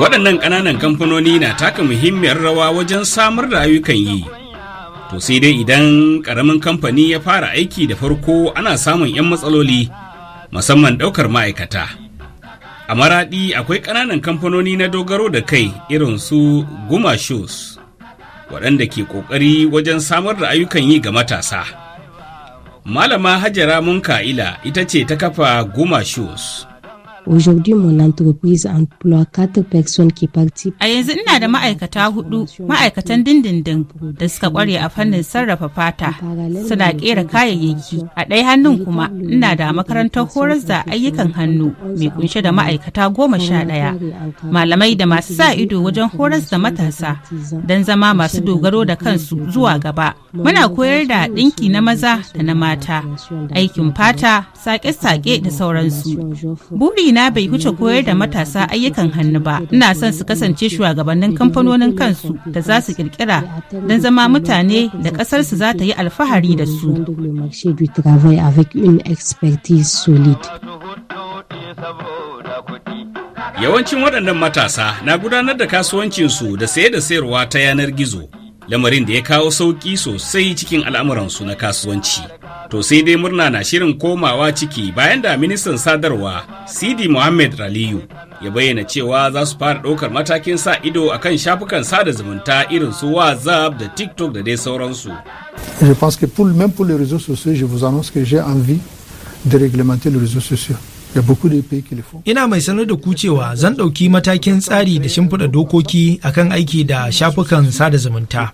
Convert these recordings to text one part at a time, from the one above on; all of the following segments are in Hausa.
Waɗannan ƙananan kamfanoni na taka muhimmiyar rawa wajen samar da ayyukan yi. To sai dai idan ƙaramin kamfani ya fara aiki da farko ana samun 'yan matsaloli musamman ɗaukar ma'aikata. A maraɗi akwai ƙananan kamfanoni na dogaro da kai irin su Guma Shoes waɗanda ke ƙoƙari wajen samar da ayyukan yi ga matasa. Malama Hajara ila ita ce ta kafa Guma Shoes. Aujourd'hui, mon entreprise emploie quatre personnes qui participent. A yanzu ina da ma'aikata hudu, ma'aikatan dindindin da suka kware a fannin sarrafa fata, suna kera kayayyaki. A ɗaya hannun kuma ina da makarantar horas da ayyukan hannu mai kunshe da ma'aikata goma sha ɗaya, malamai da masu sa ido wajen horas da matasa don zama masu dogaro da kansu zuwa gaba. Muna koyar da ɗinki na maza da na mata, aikin fata, sake-sake da sauransu. Buri na bai huce koyar da matasa ayyukan hannu ba ina son su kasance shugabannin kamfanonin kansu da za su kirkira don zama mutane da kasar su za ta yi alfahari da su yawancin waɗannan matasa na gudanar da kasuwancinsu da saye da sayarwa ta yanar gizo lamarin da ya kawo sauƙi sosai cikin al'amuransu na kasuwanci To sai dai murna na shirin komawa ciki bayan da ministan sadarwa Sidi Muhammad Raliyu ya bayyana cewa za su fara ɗaukar matakin sa ido akan shafukan sada zumunta irin su WhatsApp da TikTok da dai sauransu. Je pense que pour, même pour les réseaux sociaux, je vous annonce que j'ai envie de réglementer les réseaux sociaux. Ina mai sanar da ku cewa zan ɗauki matakin tsari da shimfiɗa dokoki akan aiki da shafukan sada zumunta.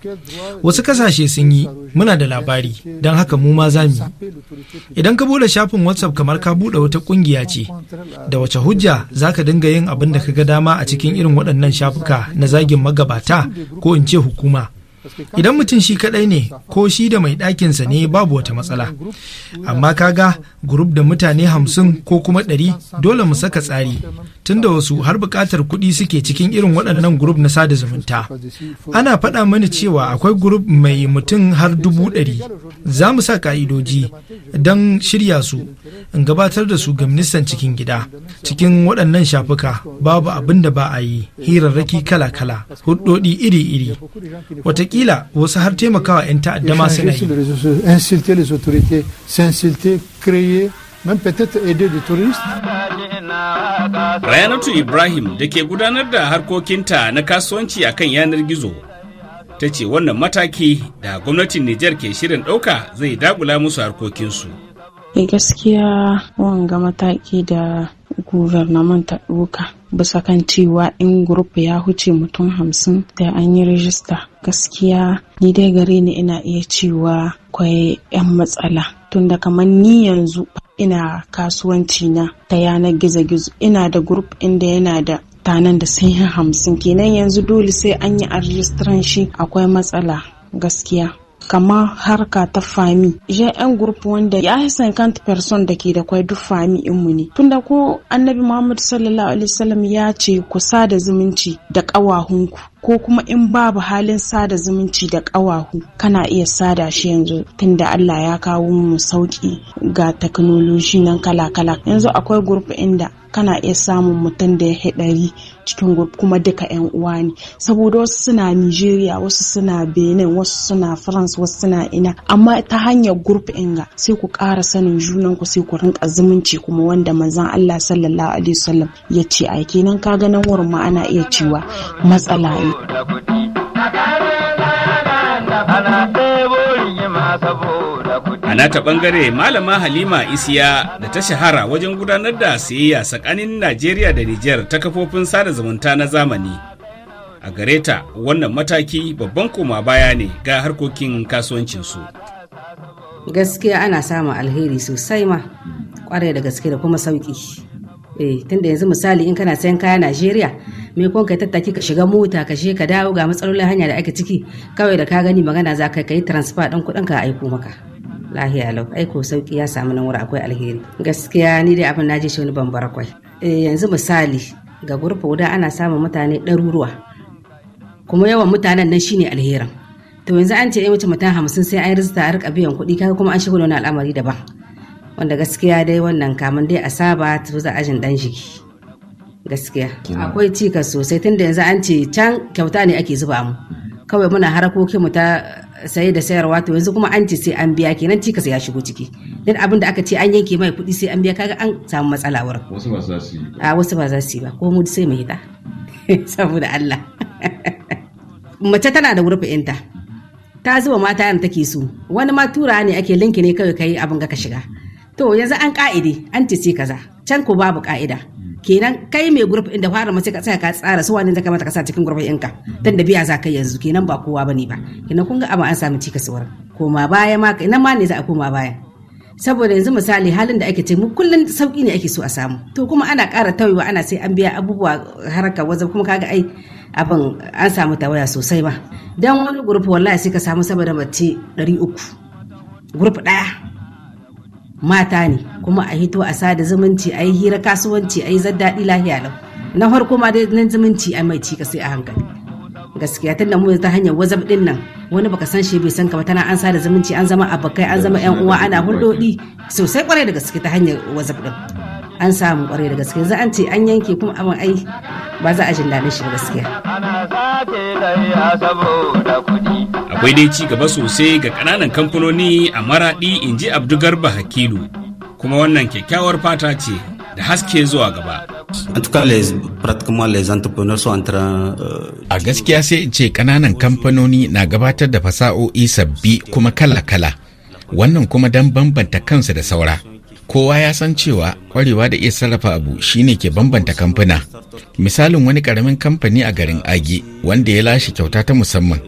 Wasu ƙasashe sun yi muna da labari don haka mu ma za mu. Idan ka bude shafin WhatsApp kamar ka buɗe wata ƙungiya ce, da wace hujja za ka dinga yin abin da ka ga dama a cikin irin waɗannan shafuka na zagin magabata ko in ce hukuma. idan mutum shi kadai ne ko shi da mai ɗakinsa ne babu wata matsala amma kaga grup da mutane hamsin ko kuma ɗari dole mu saka tsari tunda wasu har buƙatar kuɗi suke cikin irin waɗannan grup na sada zumunta ana faɗa mani cewa akwai grup mai mutum har dubu ɗari za mu sa ƙa'idoji don shirya su in gabatar da su ga ministan cikin gida cikin waɗannan shafuka babu abin da ba a yi hirarraki kala-kala hudodi iri-iri watakila wasu har taimakawa 'yan ta'adda ma suna yi Rayanatu Ibrahim da ke gudanar da harkokinta na kasuwanci a kan yanar gizo ta ce wannan mataki da gwamnatin Nijar ke shirin ɗauka zai dagula musu harkokinsu. Eh, gaskiya wanga mataki da guvernaman ta ɗauka bisa kan cewa in gurup ya huce mutum hamsin da an yi rijista gaskiya ni dai gare ni ina iya cewa kwai 'yan matsala tunda kamar ni yanzu ina kasuwanci na ta yanar gizo-gizo ina da grup inda yana da tanan da sun yi hamsin kenan yanzu dole sai an yi a shi akwai matsala gaskiya kamar harka ta fami je yan group wanda ya yi kanta person da ke da kwai duk fami inmu ne tunda ko annabi muhammadu sallallahu alaihi wasallam ya ce ku sada zumunci da ƙawahunku ko kuma in babu halin sada zumunci da ƙawahu kana iya sada shi yanzu tunda Allah ya kawo mu sauki ga teknoloji nan kala-kala yanzu akwai group inda kana iya samun mutum da ya haɗari cikin kuma duka 'yan uwa ne saboda wasu suna nigeria wasu suna benin wasu suna france wasu suna ina amma ta hanyar group inga sai ku ƙara sanin junan ku sai ku rinka zumunci kuma wanda manzon allah sallallahu alaihi wasallam ya ce a kenan ka ganin wurin ma ana iya cewa matsala ne nata bangare malama halima isiya da ta shahara wajen gudanar da siyayya tsakanin najeriya da nijar ta kafofin sada zumunta na zamani a gare ta wannan mataki babban koma baya ne ga harkokin kasuwancinsu gaskiya ana samun alheri sosai ma kwarai da gaske da kuma sauki eh da yanzu misali in kana sayan kaya najeriya me kon kai tattaki ka shiga mota ka je ka dawo ga matsalolin hanya da ake ciki kawai da ka gani magana za ka yi transfer ɗan kuɗin ka aiko maka lahiya lau ai ko sauki ya samu nan wuri akwai alheri gaskiya ni dai abin naji shi wani bambara kwai eh, yanzu misali ga gurfa guda ana samun mutane ɗaruruwa kuma yawan mutanen nan shine alherin to yanzu an ce wuce mutum hamsin sai an rizta a rika biyan kuɗi kaga kuma an shigo wani al'amari daban wanda gaskiya dai wannan kamun dai a saba to za ajin dan jiki gaskiya akwai cika sosai tunda yanzu an ce can kyauta ne ake zuba mu kawai muna harakokin mu ta saye da sayarwa to yanzu kuma an ce sai an biya kenan cikas ya shigo ciki dan abin da aka ce an yanke mai kuɗi sai an biya kaga an samu matsala wurin wasu ba za su yi a wasu ba za su yi ba ko mu sai mu ta saboda Allah mace tana da wurfa'inta ta zuba mata yana take so wani ma tura ne ake linki ne kawai kai abin ga ka shiga to yanzu an ka'ide an ce sai kaza can ko babu ka'ida kenan kai mai gurfi inda fara mace ka tsaya ka tsara su wani zaka mata ka sa cikin in ka. dan da biya za yanzu kenan ba kowa bane ba kenan kun ga amma an samu cikas suwar koma baya ma kenan ma ne za a koma baya saboda yanzu misali halin da ake ce mu kullun sauki ne ake so a samu to kuma ana ƙara tauyewa ana sai an biya abubuwa haraka wajen kuma kaga ai abin an samu tawaya sosai ba dan wani gurfi wallahi sai ka samu saboda mace 300 guruf daya mata ne kuma a hito a sada zumunci a yi hira kasuwanci a yi zaddaɗi lahiya lau na farko ma dai nan zumunci a mai cika sai a hankali gaskiya tun da mu ta hanyar wazab din nan wani baka san shi bai san ka ba tana an sada zumunci an zama abokai an zama yan uwa ana hulɗoɗi sosai kwarai da gaske ta hanyar wazab din an samu kwarai da gaske yanzu an ce an yanke kuma abin ai ba za a jin daɗin shi da gaskiya. Akwai dai ci gaba sosai ga ƙananan kamfanoni a maraɗi in ji Abdugarba Hakilu kuma wannan kyakkyawar fata ce da haske zuwa gaba. Euh, a gaskiya sai in ce ƙananan kamfanoni na gabatar da fasa'o'i sabbi kuma kala-kala, wannan kuma don bambanta kansu da saura. kowa ya san cewa kwarewa da iya sarrafa abu shine ke bambanta kamfuna misalin wani karamin kamfani a garin agi wanda ya lashe kyauta ta musamman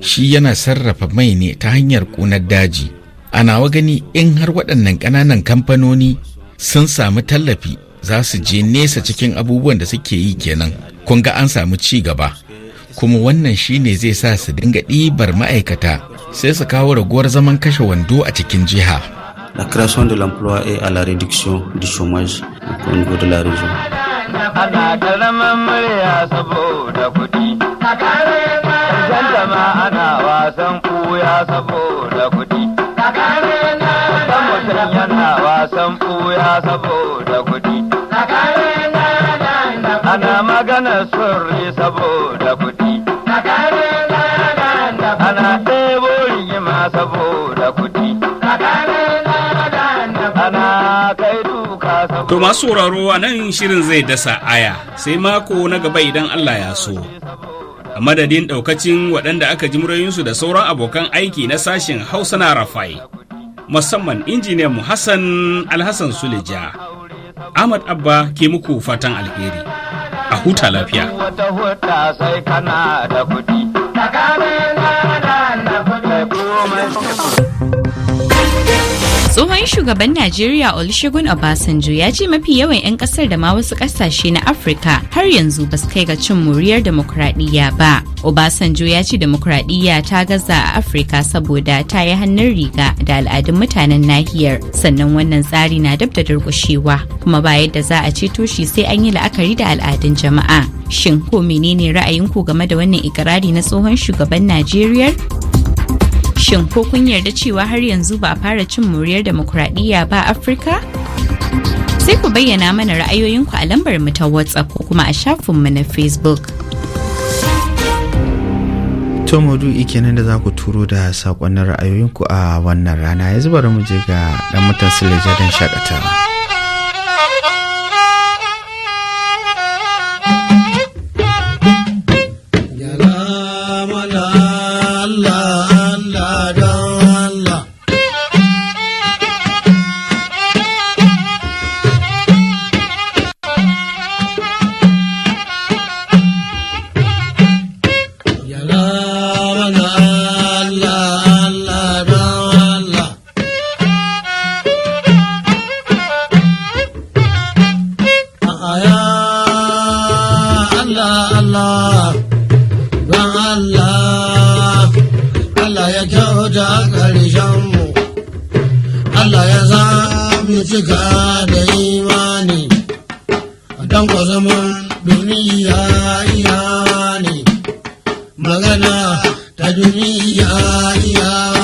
shi yana sarrafa mai ne ta hanyar kunar daji a nawa gani in har waɗannan ƙananan kamfanoni sun samu tallafi za su je nesa cikin abubuwan da suke yi kenan kun ga an samu ci gaba kuma wannan shine zai sa su dinga ɗibar ma'aikata sai su kawo raguwar zaman kashe wando a cikin jiha. la création de l'emploi et à la réduction du chômage au niveau de la région. To masu sauraro a nan shirin zai dasa aya sai mako na gaba idan Allah ya so. A madadin ɗaukacin waɗanda aka ji murayinsu da sauran abokan aiki na sashen Hausa na Rafai, musamman injiniyan mu Hassan Alhassan Suleja. Ahmad Abba ke muku fatan alheri. A huta lafiya. Tsohon shugaban Najeriya Olusegun Obasanjo ya ce mafi yawan 'yan kasar da ma wasu kasashe na Afirka har yanzu ba su kai ga cin muriyar demokradiyya ba. Obasanjo ya ce demokradiyya ta gaza a Afirka saboda ta yi hannun riga da al'adun mutanen nahiyar sannan wannan tsari na dab da durƙushewa kuma ba yadda za a ceto shi sai an yi la'akari da al'adun jama'a. Shin ko menene ra'ayinku game da wannan ikirari na tsohon shugaban Najeriya? Shin ko kun yarda cewa har yanzu ba fara cin muryar demokuraɗiyya ba Afirka? Sai ku bayyana mana ra'ayoyinku a lambar mu ta WhatsApp ko kuma a shafinmu na Facebook. to maudu'i kenan da za ku turo da saƙonnin ra'ayoyinku a wannan rana ya zubar mu je ga ɗan mutan sule don shakatawa. don ku zaman duniya iya ne magana ta duniya iya